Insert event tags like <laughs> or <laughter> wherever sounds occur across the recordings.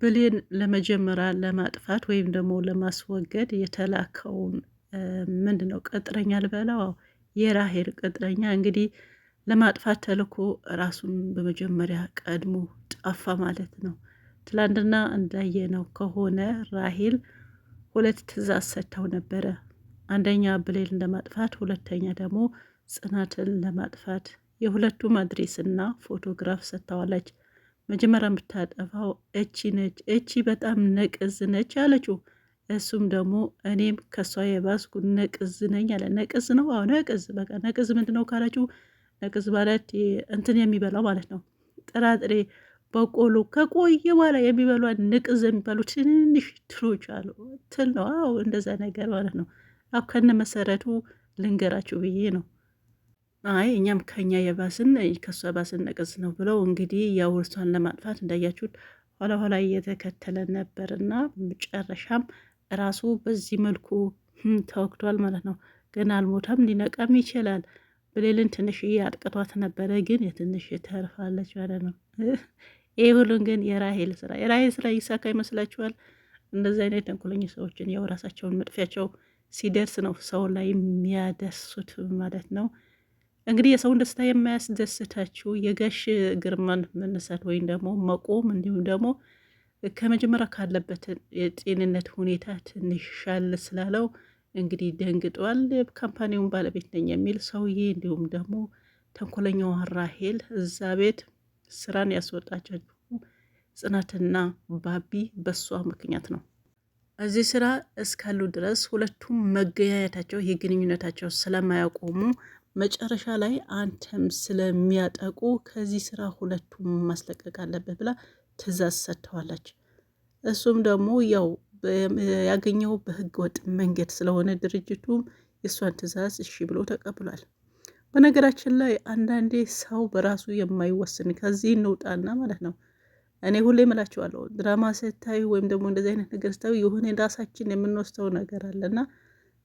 ብሌን ለመጀመሪያ ለማጥፋት ወይም ደግሞ ለማስወገድ የተላከውን ምንድን ነው ቅጥረኛ ልበለው የራሄል ቅጥረኛ እንግዲህ ለማጥፋት ተልኮ ራሱን በመጀመሪያ ቀድሞ ጠፋ ማለት ነው። ትላንትና እንዳየነው ከሆነ ራሄል ሁለት ትዕዛዝ ሰጥተው ነበረ። አንደኛ ብሌንን ለማጥፋት፣ ሁለተኛ ደግሞ ጽናትን ለማጥፋት የሁለቱም አድሬስና ፎቶግራፍ ሰጥተዋለች። መጀመሪያ የምታጠፋው እቺ ነች፣ እቺ በጣም ነቅዝ ነች አለችው። እሱም ደግሞ እኔም ከሷ የባስኩ ነቅዝ ነኝ አለ። ነቅዝ ነው አሁ ነቅዝ በቃ ነቅዝ ምንድን ነው ካላችሁ፣ ነቅዝ ማለት እንትን የሚበላው ማለት ነው። ጥራጥሬ በቆሎ ከቆየ በኋላ የሚበሏ ንቅዝ የሚባሉ ትንንሽ ትሎች አሉ። ትል ነው አዎ፣ እንደዛ ነገር ማለት ነው። አሁ ከነ መሰረቱ ልንገራችሁ ብዬ ነው። አይ እኛም ከኛ የባስን ከሷ ባስን ነቀስ ነው ብለው እንግዲህ ያው እርሷን ለማጥፋት እንዳያችሁት ኋላ ኋላ እየተከተለ ነበር እና መጨረሻም ራሱ በዚህ መልኩ ተወግቷል ማለት ነው። ግን አልሞታም፣ ሊነቃም ይችላል። ብሌልን ትንሽ አጥቅቷት ነበረ፣ ግን የትንሽ ተርፋለች ማለት ነው። ይህ ሁሉን ግን የራሄል ስራ የራሄል ስራ ይሳካ ይመስላችኋል? እንደዚህ አይነት ተንኮለኛ ሰዎችን ያው ራሳቸውን መጥፊያቸው ሲደርስ ነው ሰው ላይ የሚያደርሱት ማለት ነው። እንግዲህ የሰውን ደስታ የማያስደስታችሁ የጋሽ ግርማን መነሳት ወይም ደግሞ መቆም እንዲሁም ደግሞ ከመጀመሪያ ካለበት የጤንነት ሁኔታ ትንሽ ሻል ስላለው እንግዲህ ደንግጧል። ካምፓኒውን ባለቤት ነኝ የሚል ሰውዬ እንዲሁም ደግሞ ተንኮለኛዋ ራሄል እዛ ቤት ስራን ያስወጣቸው ጽናትና ባቢ በሷ ምክንያት ነው። እዚህ ስራ እስካሉ ድረስ ሁለቱም መገናኘታቸው የግንኙነታቸው ስለማያቆሙ መጨረሻ ላይ አንተም ስለሚያጠቁ ከዚህ ስራ ሁለቱም ማስለቀቅ አለበት ብላ ትእዛዝ ሰጥተዋለች። እሱም ደግሞ ያው ያገኘው በህገ ወጥ መንገድ ስለሆነ ድርጅቱም የእሷን ትእዛዝ እሺ ብሎ ተቀብሏል። በነገራችን ላይ አንዳንዴ ሰው በራሱ የማይወስን ከዚህ እንውጣና ማለት ነው። እኔ ሁሌ እምላችኋለሁ ድራማ ስታዩ ወይም ደግሞ እንደዚህ አይነት ነገር ስታዩ የሆነ ራሳችን የምንወስደው ነገር አለና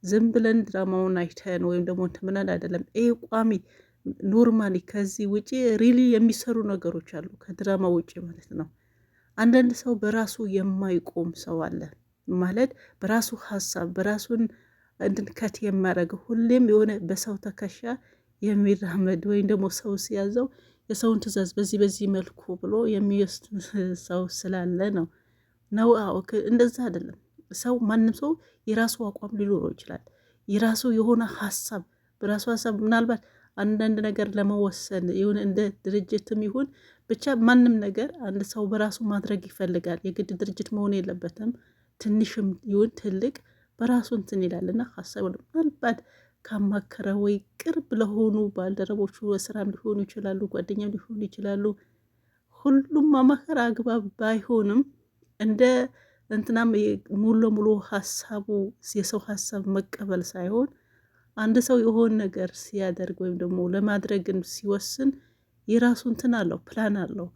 ዝም ብለን ድራማውን አይተን ወይም ደግሞ ትምናል አይደለም። ይሄ ቋሚ ኖርማሊ ከዚህ ውጪ ሪሊ የሚሰሩ ነገሮች አሉ፣ ከድራማ ውጪ ማለት ነው። አንዳንድ ሰው በራሱ የማይቆም ሰው አለ ማለት በራሱ ሀሳብ በራሱን እንድንከት የሚያደርገው ሁሌም የሆነ በሰው ተከሻ የሚራመድ ወይም ደግሞ ሰው ሲያዘው የሰውን ትዕዛዝ በዚህ በዚህ መልኩ ብሎ የሚወስድ ሰው ስላለ ነው ነው። አዎ እንደዛ አይደለም። ሰው ማንም ሰው የራሱ አቋም ሊኖረው ይችላል። የራሱ የሆነ ሀሳብ በራሱ ሀሳብ ምናልባት አንዳንድ ነገር ለመወሰን የሆነ እንደ ድርጅትም ይሁን ብቻ ማንም ነገር አንድ ሰው በራሱ ማድረግ ይፈልጋል። የግድ ድርጅት መሆን የለበትም። ትንሽም ይሁን ትልቅ በራሱ እንትን ይላልና ሀሳብ ምናልባት ካማከረ ወይ ቅርብ ለሆኑ ባልደረቦቹ ስራም ሊሆኑ ይችላሉ፣ ጓደኛም ሊሆኑ ይችላሉ። ሁሉም ማማከር አግባብ ባይሆንም እንደ እንትናም ሙሉ ለሙሉ ሀሳቡ የሰው ሀሳብ መቀበል ሳይሆን አንድ ሰው የሆን ነገር ሲያደርግ ወይም ደግሞ ለማድረግም ሲወስን የራሱ እንትን አለው፣ ፕላን አለው።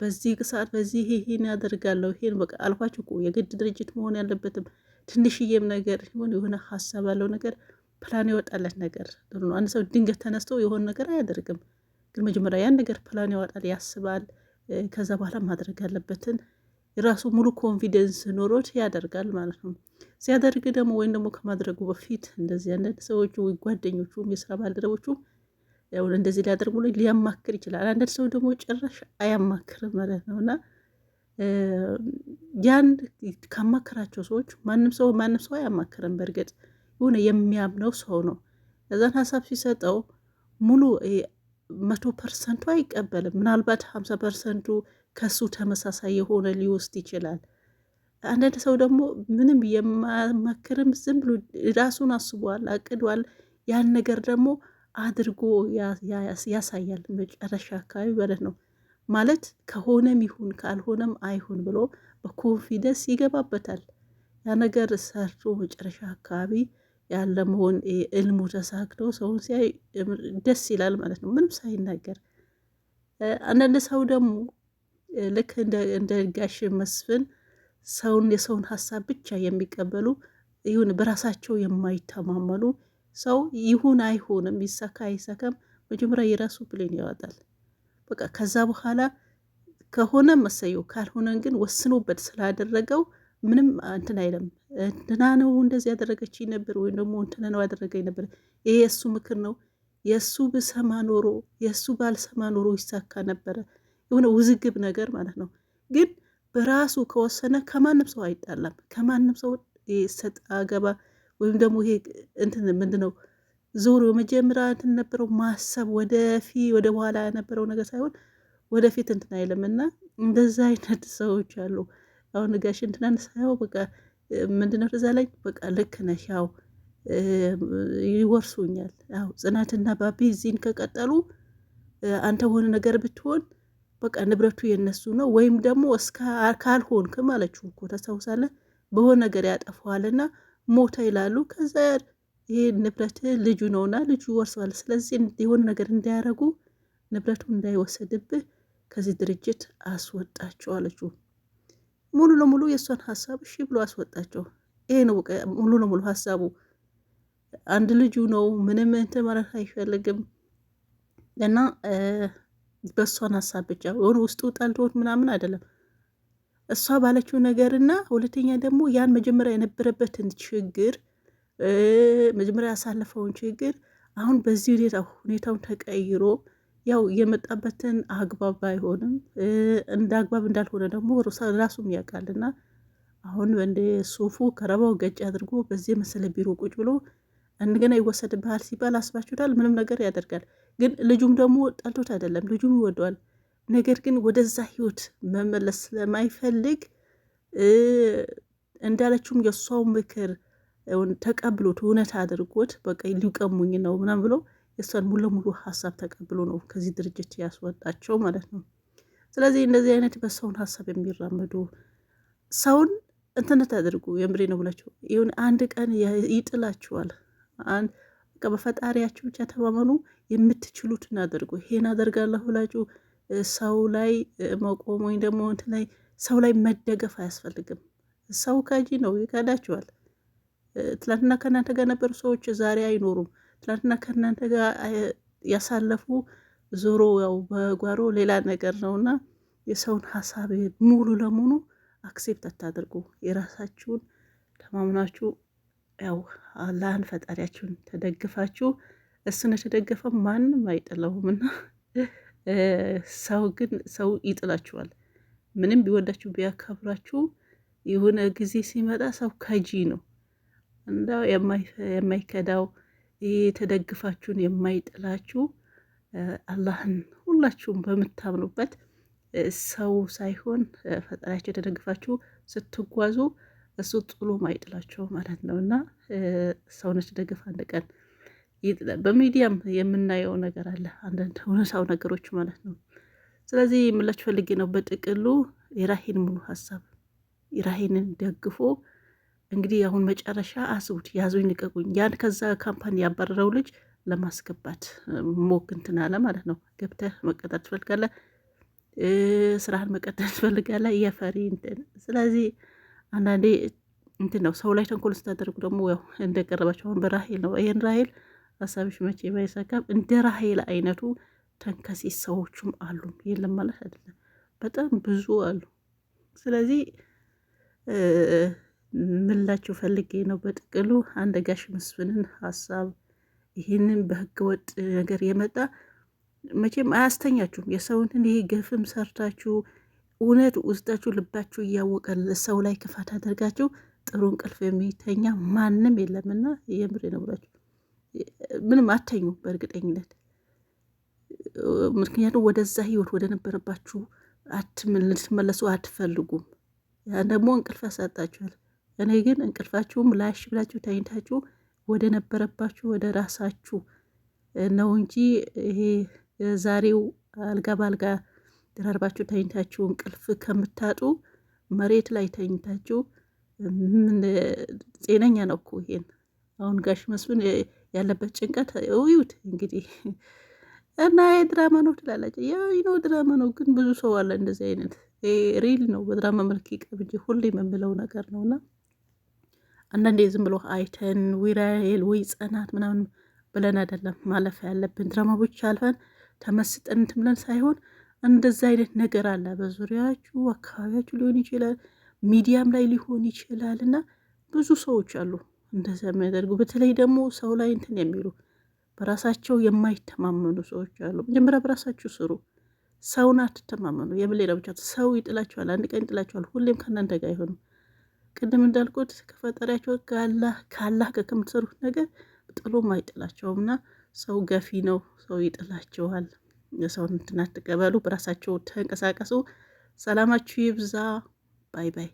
በዚህ ሰዓት በዚህ ይሄን ያደርጋለሁ። ይሄን በቃ አልኳቸው እኮ የግድ ድርጅት መሆን ያለበትም ትንሽዬም ነገር ሲሆን የሆነ ሀሳብ ያለው ነገር ፕላን ይወጣለት ነገር አንድ ሰው ድንገት ተነስቶ የሆን ነገር አያደርግም። ግን መጀመሪያ ያን ነገር ፕላን ይወጣል፣ ያስባል። ከዛ በኋላ ማድረግ ያለበትን የራሱ ሙሉ ኮንፊደንስ ኖሮት ያደርጋል ማለት ነው። ሲያደርግ ደግሞ ወይም ደግሞ ከማድረጉ በፊት እንደዚህ አንዳንድ ሰዎቹ ወይ ጓደኞቹም የስራ ባልደረቦቹም ሁን እንደዚህ ሊያደርጉ ሊያማክር ይችላል። አንዳንድ ሰው ደግሞ ጭራሽ አያማክርም ማለት ነው እና ያን ካማከራቸው ሰዎች ማንም ሰው ማንም ሰው አያማክርም። በእርግጥ የሆነ የሚያምነው ሰው ነው ከዛን ሀሳብ ሲሰጠው ሙሉ መቶ ፐርሰንቱ አይቀበልም። ምናልባት ሀምሳ ፐርሰንቱ ከሱ ተመሳሳይ የሆነ ሊወስድ ይችላል። አንዳንድ ሰው ደግሞ ምንም የማመክርም ዝም ብሎ ራሱን አስቧል፣ አቅዷል። ያን ነገር ደግሞ አድርጎ ያሳያል መጨረሻ አካባቢ ማለት ነው። ማለት ከሆነም ይሁን ካልሆነም አይሁን ብሎ በኮንፊደንስ ይገባበታል። ያ ነገር ሰርቶ መጨረሻ አካባቢ ያለ መሆን እልሙ ተሳክቶ ሰውን ሲያይ ደስ ይላል ማለት ነው፣ ምንም ሳይናገር። አንዳንድ ሰው ደግሞ ልክ እንደ ጋሽ መስፍን ሰውን የሰውን ሀሳብ ብቻ የሚቀበሉ ይሁን በራሳቸው የማይተማመኑ ሰው ይሁን አይሁንም ይሳካ አይሳካም መጀመሪያ የራሱ ብሌን ያወጣል። በቃ ከዛ በኋላ ከሆነ መሰየው ካልሆነን ግን ወስኖበት ስላደረገው ምንም እንትን አይለም። እንትና ነው እንደዚህ ያደረገች ነበር ወይም ደግሞ እንትና ነው ያደረገኝ ነበር፣ ይሄ የእሱ ምክር ነው የእሱ ብሰማ ኖሮ የእሱ ባልሰማ ኖሮ ይሳካ ነበረ የሆነ ውዝግብ ነገር ማለት ነው። ግን በራሱ ከወሰነ ከማንም ሰው አይጣላም። ከማንም ሰው ሰጥ አገባ ወይም ደግሞ ይሄ እንትን ምንድነው ዞሮ መጀመሪያ እንትን ነበረው ማሰብ ወደፊ ወደ በኋላ የነበረው ነገር ሳይሆን ወደፊት እንትን አይልም እና እንደዛ አይነት ሰዎች አሉ። አሁን ጋሽ እንትናን ሳየው በቃ ምንድነው እዛ ላይ በቃ ልክ ነሽ፣ ያው ይወርሱኛል። ያው ጽናትና ባቢ እዚህን ከቀጠሉ አንተ ሆነ ነገር ብትሆን በቃ ንብረቱ የነሱ ነው ወይም ደግሞ ካልሆንክ ማለችው እኮ ተሰውሳለ በሆነ ነገር ያጠፋዋልና ሞታ ይላሉ። ከዛ ይሄ ንብረት ልጁ ነውና ልጁ ወርሰዋል። ስለዚህ የሆነ ነገር እንዳያረጉ ንብረቱ እንዳይወሰድብህ ከዚህ ድርጅት አስወጣቸው አለችው። ሙሉ ለሙሉ የእሷን ሀሳብ እሺ ብሎ አስወጣቸው። ይሄ ነው ሙሉ ለሙሉ ሀሳቡ። አንድ ልጁ ነው ምንም እንትን ማለት አይፈልግም እና በእሷን ሀሳብ ብቻ ሆኖ ውስጡ ጠልቶት ምናምን አይደለም። እሷ ባለችው ነገርና ሁለተኛ ደግሞ ያን መጀመሪያ የነበረበትን ችግር መጀመሪያ ያሳለፈውን ችግር አሁን በዚህ ሁኔታ ሁኔታውን ተቀይሮ ያው የመጣበትን አግባብ ባይሆንም እንደ አግባብ እንዳልሆነ ደግሞ ራሱም ያውቃልና አሁን እንደ ሱፉ ከረባው ገጭ አድርጎ በዚህ መሰለ ቢሮ ቁጭ ብሎ እንደገና ይወሰድብሃል ሲባል አስባችሁታል? ምንም ነገር ያደርጋል። ግን ልጁም ደግሞ ጠልቶት አይደለም፣ ልጁም ይወደዋል። ነገር ግን ወደዛ ህይወት መመለስ ስለማይፈልግ እንዳለችውም የእሷው ምክር ተቀብሎት እውነት አድርጎት በቃ ሊቀሙኝ ነው ምናም ብሎ የእሷን ሙሉ ለሙሉ ሀሳብ ተቀብሎ ነው ከዚህ ድርጅት ያስወጣቸው ማለት ነው። ስለዚህ እንደዚህ አይነት በሰውን ሀሳብ የሚራመዱ ሰውን እንትነት አድርጉ የምሬ ነው ብላቸው ይሁን አንድ ቀን ይጥላችኋል። በቃ በፈጣሪያችሁ ብቻ ተማመኑ። የምትችሉትን አድርጉ። ይሄን አደርጋለሁ ብላችሁ ሰው ላይ መቆም ወይም ደግሞ እንትን ላይ ሰው ላይ መደገፍ አያስፈልግም። ሰው ከጂ ነው ይካዳችኋል። ትላንትና ከእናንተ ጋር ነበሩ ሰዎች ዛሬ አይኖሩም። ትላንትና ከእናንተ ጋር ያሳለፉ ዞሮ ያው በጓሮ ሌላ ነገር ነው እና የሰውን ሀሳብ ሙሉ ለሙሉ አክሴፕት አታድርጉ። የራሳችሁን ተማምናችሁ ያው አላህን ፈጣሪያችሁን ተደግፋችሁ እሱን የተደገፈ ማንም አይጠላውም። <laughs> ሰው ግን ሰው ይጥላችኋል። ምንም ቢወዳችሁ ቢያከብራችሁ የሆነ ጊዜ ሲመጣ ሰው ከጂ ነው እንዳው የማይከዳው የተደግፋችሁን የማይጥላችሁ አላህን ሁላችሁም በምታምኑበት ሰው ሳይሆን ፈጣሪያቸው የተደግፋችሁ ስትጓዙ እሱ ጥሎም ማይጥላቸው ማለት ነው እና ሰውነች የተደግፍ አንድ ቀን በሚዲያም የምናየው ነገር አለ፣ አንዳንድ እውነታው ነገሮች ማለት ነው። ስለዚህ የምላችሁ ፈልጌ ነው። በጥቅሉ የራሄን ሙሉ ሀሳብ የራሄንን ደግፎ እንግዲህ አሁን መጨረሻ አስቡት፣ ያዙኝ ልቀቁኝ፣ ያን ከዛ ካምፓኒ ያባረረው ልጅ ለማስገባት ሞክ እንትን አለ ማለት ነው። ገብተህ መቀጠል ትፈልጋለህ፣ ስራህን መቀጠል ትፈልጋለህ፣ የፈሪ እንትን። ስለዚህ አንዳንዴ እንትን ነው ሰው ላይ ተንኮል ስታደርጉ ደግሞ ያው እንደቀረባቸው አሁን በራሄል ነው ይህን ራሄል ሀሳብሽ መቼ ባይሳካም እንደ ራሄል አይነቱ ተንከሴ ሰዎቹም አሉ። የለም ማለት አይደለም፣ በጣም ብዙ አሉ። ስለዚህ ምላቸው ፈልጌ ነው። በጥቅሉ አንድ ጋሽ መስፍንን ሀሳብ ይህንን በህገ ወጥ ነገር የመጣ መቼም አያስተኛችሁም። የሰውንን ይሄ ገፍም ሰርታችሁ እውነት ውስጣችሁ ልባችሁ እያወቀ ሰው ላይ ክፋት አድርጋችሁ ጥሩ እንቅልፍ የሚተኛ ማንም የለምና የምሬ ነው ብላችሁ ምንም አተኙ በእርግጠኝነት ምክንያቱም ወደዛ ህይወት ወደ ነበረባችሁ ልትመለሱ አትፈልጉም። ያን ደግሞ እንቅልፍ ያሳጣችኋል። እኔ ግን እንቅልፋችሁም ላሽ ብላችሁ ተኝታችሁ ወደ ነበረባችሁ ወደ ራሳችሁ ነው እንጂ ይሄ ዛሬው አልጋ በአልጋ ደራርባችሁ ተኝታችሁ እንቅልፍ ከምታጡ መሬት ላይ ተኝታችሁ ምን ጤነኛ ነው እኮ ይሄን አሁን ጋሽ መስፍን ያለበት ጭንቀት እዩት እንግዲህ እና የድራማ ነው ትላላችሁ። ያው ድራማ ነው፣ ግን ብዙ ሰው አለ እንደዚህ አይነት ሪል ነው በድራማ መልክ ይቀር እንጂ ሁሌም የምለው ነገር ነው። እና አንዳንዴ ዝም ብሎ አይተን ዊራኤል ወይ ጽናት ምናምን ብለን አይደለም ማለፍ ያለብን ድራማ ብቻ አልፈን ተመስጠን እንትን ብለን ሳይሆን እንደዚህ አይነት ነገር አለ በዙሪያችሁ፣ አካባቢያችሁ ሊሆን ይችላል፣ ሚዲያም ላይ ሊሆን ይችላል እና ብዙ ሰዎች አሉ እንደዚ የሚያደርጉ በተለይ ደግሞ ሰው ላይ እንትን የሚሉ በራሳቸው የማይተማመኑ ሰዎች አሉ። መጀመሪያ በራሳችሁ ስሩ። ሰውን አትተማመኑ። የብሌላ ብቻ ሰው ይጥላችኋል፣ አንድ ቀን ይጥላችኋል። ሁሌም ከእናንተ ጋር አይሆንም። ቅድም እንዳልኩት ከፈጠሪያቸው ከአላህ ጋር ከምትሰሩት ነገር ጥሎም አይጥላቸውም እና ሰው ገፊ ነው። ሰው ይጥላቸዋል። የሰውን እንትን አትቀበሉ። በራሳቸው ተንቀሳቀሱ። ሰላማችሁ ይብዛ። ባይ ባይ።